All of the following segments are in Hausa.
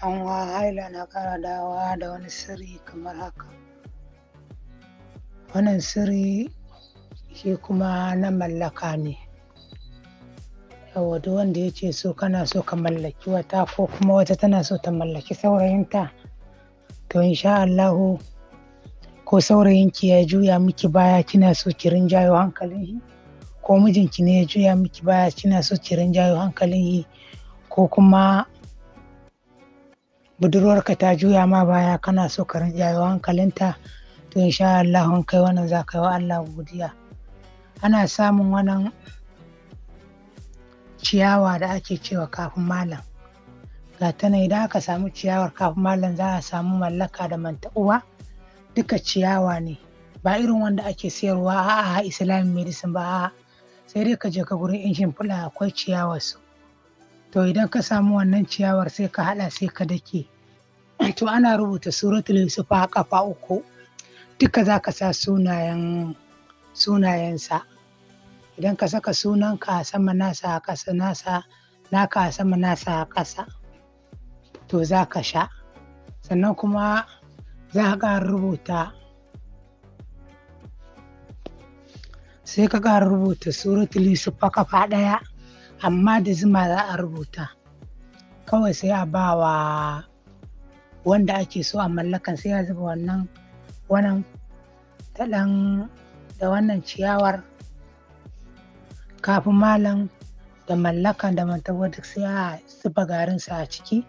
Ƙanwa Haila na ƙara dawa da wani sirri kamar haka. Wannan sirri shi kuma na mallaka ne. Yawwa wanda ya ce so kana so ka mallaki wata ko kuma wata tana so ta mallaki saurayinta to insha Allahu ko saurayinki ya juya miki baya kina so ki rinjayo hankalin shi ko mijinki ne ya juya miki baya kina so ki rinjayo hankalin shi ko kuma budurwarka ta juya ma baya kana so ka rinja hankalinta to insha Allah in kai wannan za ka yi wa Allah godiya ana samun wannan ciyawa da ake cewa kafin malam ga ta nan idan aka samu ciyawar kafin malam za a samu mallaka da uwa duka ciyawa ne ba irin wanda ake sayarwa a islamic medicine ba sai dai ka je ka gurin in fula akwai ciyawar su to idan ka samu wannan ciyawar sai ka haɗa sai ka dake to ana rubuta suratul yusuf a kafa uku duka za ka sa sunayen sunayensa idan ka saka sunanka a sama nasa a ƙasa nasa naka a sama nasa a ƙasa to za ka sha sannan kuma za ka rubuta sai ka ƙara rubuta suratul yusufa kafa ɗaya amma da zuma za a rubuta kawai sai a ba wa wanda ake so a mallakan sai ya zuba wannan wannan taɗan da wannan ciyawar kafin malam da mallakan da mantawa duk sai a zuba garinsa a ciki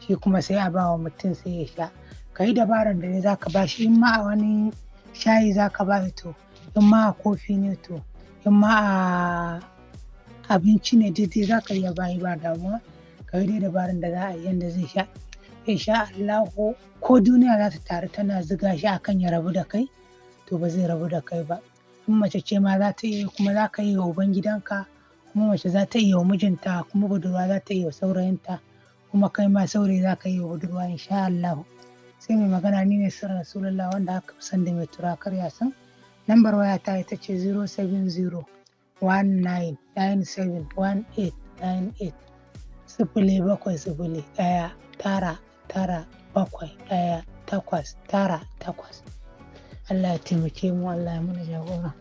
shi kuma sai a ba wa mutum sai ya sha ka yi dabaran da ne za ka ba shi in ma a wani shayi za ka ba to in ma a kofi ne to in ma a abinci ne daidai za ka iya bayi ba damuwa ka yi dai dabarun da za a yi yadda zai sha insha Allahu ko duniya za ta taru tana ziga shi a kan ya rabu da kai to ba zai rabu da kai ba in mace ce ma za ta iya kuma za ka iya wa gidanka kuma mace za ta iya wa mijinta kuma budurwa za ta iya wa saurayinta kuma kai ma saurayi za ka iya wa budurwa insha Allahu sai mai magana ni ne sirrin Rasulullah wanda aka fi san da mai turakar yasan lambar waya ta ita ce 070 19 97 18 98 sifili bakwai sifili ɗaya tara tara bakwai ɗaya takwas tara takwas Allah ya taimake mu Allah ya mana jagora